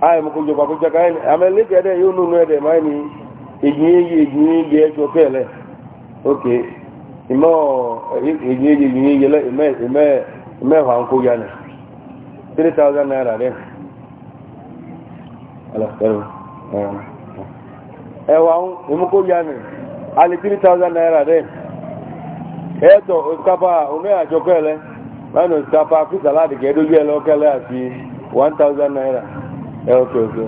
ayi mo ko jɔ bako jaka yi ame ne tɛ dɛ yóò nunu yɛ dɛ maa yi ni edinye yi edinye yi yɛ tso kɛ lɛ ok ima ɔ edinye yi edinye yi lɛ ima ima ima hàn ko yanni three thousand naira dɛ ala fɛrɛ ɛ wa ŋu emu ko yanni ali three thousand naira dɛ ɛ tɔ kapa onu yɛ atso kɛ lɛ maa yi ni kapa fi saladi kɛ yɛ lɛ ɔkɛ lɛ asi one thousand naira. ok ok ok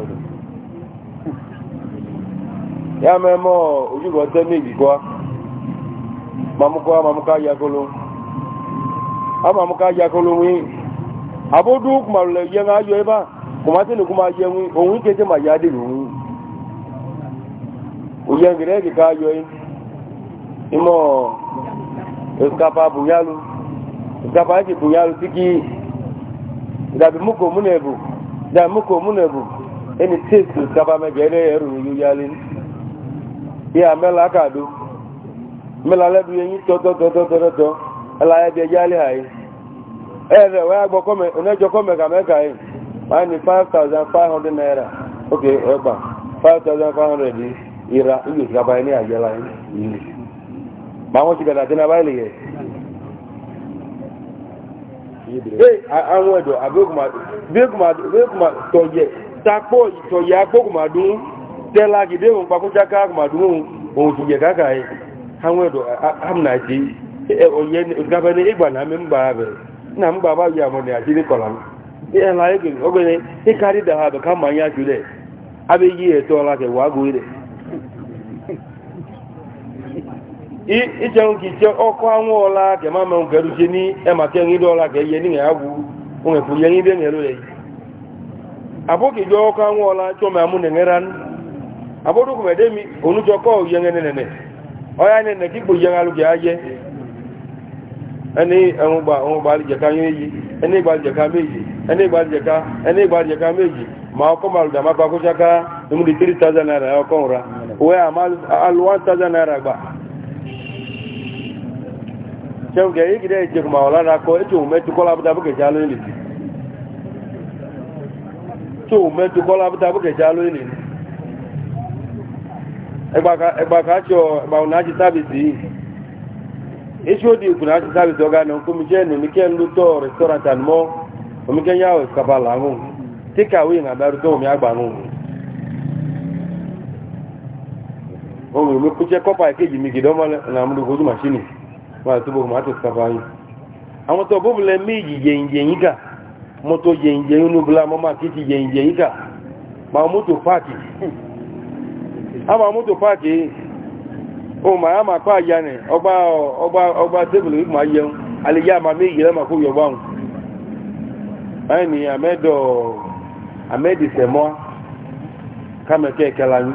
ya mẹ́mọ́ ojúbọ̀ tẹ́ méjì kọ́ mamukọ́ mamuka yakolo a mamuka yakolo wí abodu kumalulẹ̀ yẹn ká yọ ibà kòmátì ni kòmá yẹ wí òun kéde mà yá dìbò wí òyìn gẹ̀rẹ́ kìka ti ìdàbí da muko mune bu eni testu kaba me gere eru yu yalin ya mela kadu mela le du yin to to to to to to ala ya bi yali hai ere wa gbo kome me ne jo ko ka me kai ma ni 5500 naira okay egba 5500 ira iye kaba ni ajela yin ma mo ti bela na ba ile ee àwọn ẹ̀dọ̀ àbẹ́kùnmàtọ̀yẹ̀ tapọ̀ ìtọ̀yẹ̀ agbókùnmàdún tẹ́lági déhùn pakúnṣáká àkùnmàdún ohun tó yẹ káàkà ẹ̀ àwọn ẹ̀dọ̀ àmìnàjí ọ̀yẹ́ ìgbàfẹ́ ní ìgbà náà mi ń ichewu e e e ka iche ọkụ anwụ ọla ka ma ma nke ruche ni emake ke ngide ọla ka eye n'ihe agwụ onwefu ye ngide ngere ya abụghị gị ọkụ anwụ ọla amụ na ngere anụ abụrụ kuma demi onuche ọkọ oyi ngene nene ọya nene ka ikpo yenghalụ gị aje ẹni ẹ̀wọ̀n gbàlìjẹ̀ká yẹ́yí ẹni gbàlìjẹ̀ká méjì ẹni ẹni ma ọkọ̀ màlùdà má gbàkóṣáká ìmúdi 3000 naira ọkọ̀ cɛw kɛ i kiri jɛ wala e tɛ a bɛ taa a jalo o mɛ tukɔ la a jalo ye nin ɛgba ka tsɔ n'a ti sábì sí di n'a ga restaurant ani mɔ omi kɛ nya o la ŋu take away ŋa bɛ arutɔ omi agba ŋu omi mi kutsɛ kɔpa ke mi wà tó bọ̀ mọ́tò sábà yìí àwọn tó bóbú lẹ méjì yẹ̀yìn kà mọ́tò yẹ̀yìn nubula mọ́mọ́ àkìtì yẹ̀yìn kà máa mọ́tò páàkì àmà mọ́tò páàkì ohun màá máa pa àyà ni ọgbà ọgbà ọgbà tébùlù yìí máa yẹun àlèyé àmà méjì lẹ́mà kó yọ̀gbà wọn báyìí ni àmẹ́dọ̀ àmẹ́dìsẹ̀mọ́ kámẹ́kẹ́ kẹlá yìí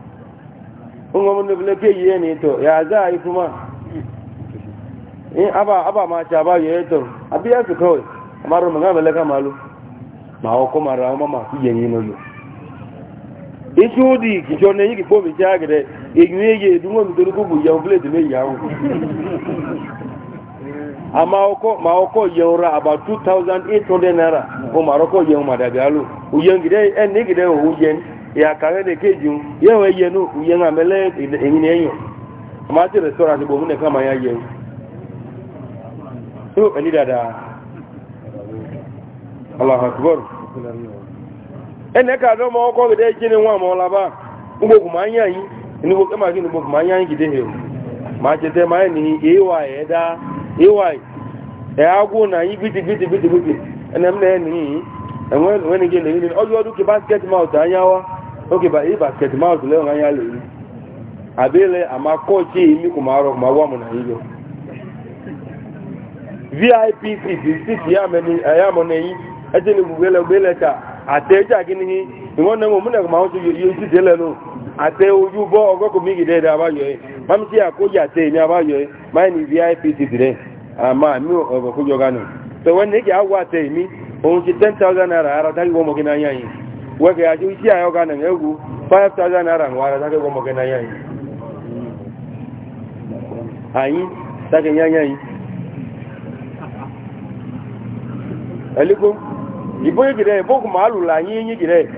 ungo mun bile ke yi ne to ya za a yi kuma in aba aba ma ta ba yi to abiya su kawai amma mun ga ka malu ma o kuma ra ma ma su yin yin lo isudi ki jo ne yi ki mi mi bu ya de me ya o ama oko ma oko about 2800 naira o en ya kare da keji yawa yi yanu uye na mele eyin enyo ma ti restaurant bo mu ne kama ya yenu so pẹ̀lú dada allah akbar ẹnẹ ka dọ́ mọ́ ọkọ̀ ni ma e ni ma ma basket mouth oke ba ị basket mouse le ọha ya lere abele ama kọọchị imi kụmarụ ma gwa m na iyo vip seat ya mọ na eyi ẹjẹ ni gbogbo ẹlẹgbẹ ẹlẹta àtẹ ẹjà kí ni ìwọ́n náà mọ̀ múnẹ̀ kò máa ń ṣe yóò sì délẹ̀ nù àtẹ vip naira ara wege ya ji ya yoga na egwu 5000 naira ngwara take gomo ke na yayi ayi take nyanyayi aliko kuma alula yin yigire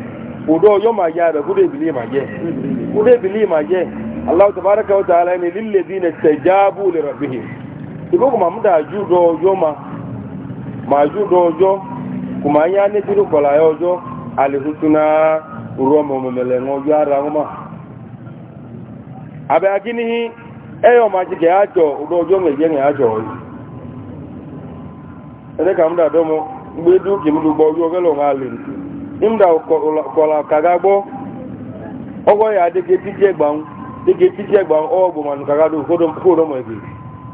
odo yo ma ya da kude bili ma je kude bili ma je Allah tabaraka wa ta'ala ma ma ju do yo kuma ya alihusuna ruomo memele ngoju ara ngoma abe akini eyo majike ajo udojo ngeje nge ajo ene kamda domo gbedu kola kagagbo ogo ya deke tije gbaun deke tije gbaun ogbo manu kagado kodo kodo mo ege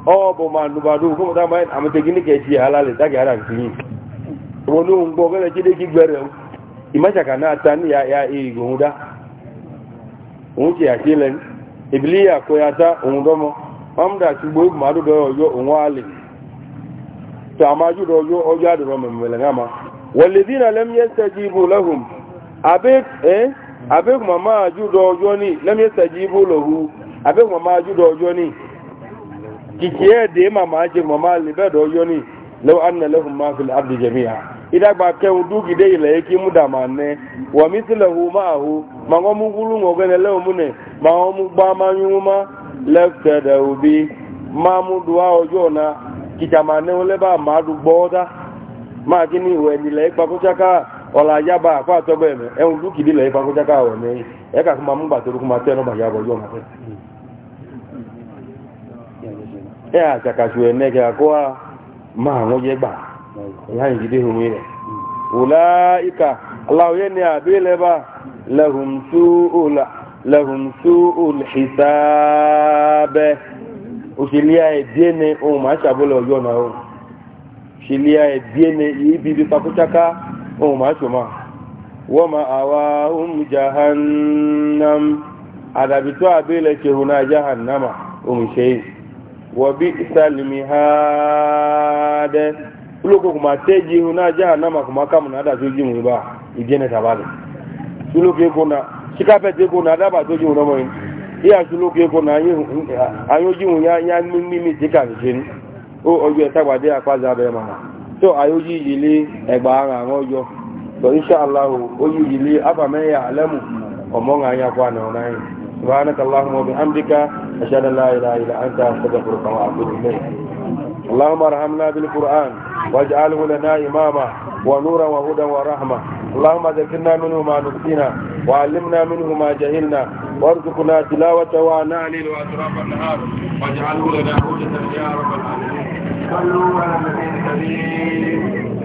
ogbo badu ko da mai amete gini ke ji halale wonu ngbo gele ki gbere ìmájàkà náà ta ní ya èrìgò òun dá òun ti àṣẹ lẹ́nu ìbílí àkọyàtá òun dọ́mọ mamda ti gbogbo ìgbàdúdọ̀ ọjọ́ òun àlè tó àmájúdọ̀ ọjọ́ ọjọ́ àdúrọ̀ mẹ̀mẹ̀lẹ̀ náà wọ̀lẹ̀dínà lẹ́míẹ́sẹ̀ jíbù lẹ́hùn abẹ́kùnmà máa júdọ̀ ọjọ́ ní lẹ́míẹ́sẹ̀ jíbù lọ́hù abẹ́kùnmà máa júdọ̀ ọjọ́ ní kìkì ẹ̀ẹ́dẹ̀ẹ́ màmá jẹ́ màmá lẹ́bẹ̀ẹ́dọ̀ idagba kẹun dúgìdé ile yìí muda mú dàmà ní wọ̀mí ma hu ma hu màá wọ́n mú ma ọ̀gẹ́nẹ̀ ma múnẹ̀ màá wọ́n ma gbá máa yún mú má lẹ́fẹ̀dẹ̀ òbí máa mú dùn ọjọ́ ọ̀nà kìjàmà ní wọn lẹ́bàá máa dùn gbọ́ ọ́dá ni ya jide hu ne ulaika allah ya ne abele ba lahum su'ul lahum su'ul hisab ushilia e biene o ma shabole ojo na o ushilia e biene ibi bi pakuchaka o ma shoma wa ma awahum jahannam adabitu abele chehuna jahannama o mi shei wa bi salmihad kuloko kumateji ihu na jahanama kumakamu na ada toji mu ba igene tabale kuloko eko na sikapete eko na adaba toji mu nomo yin iya kuloko eko na ayoji mu ya ya mimi tika bishin o ojo etagbade apaza abe mama so ayoji ile egba ara àwọn ojo so inshallah oyi ile aba me ya alamu omo anya kwa na ona سبحانك اللهم وبحمدك أشهد أن لا إله إلا أنت أستغفرك وأتوب إليك اللهم ارحمنا بالقرآن واجعله لنا إماما ونورا وهدى ورحمة اللهم ذكرنا منه ما نسينا وعلمنا منه ما جهلنا وارزقنا تلاوته ونعلل وأطراف النهار واجعله لنا هدى يا رب العالمين صلوا على النبي الكريم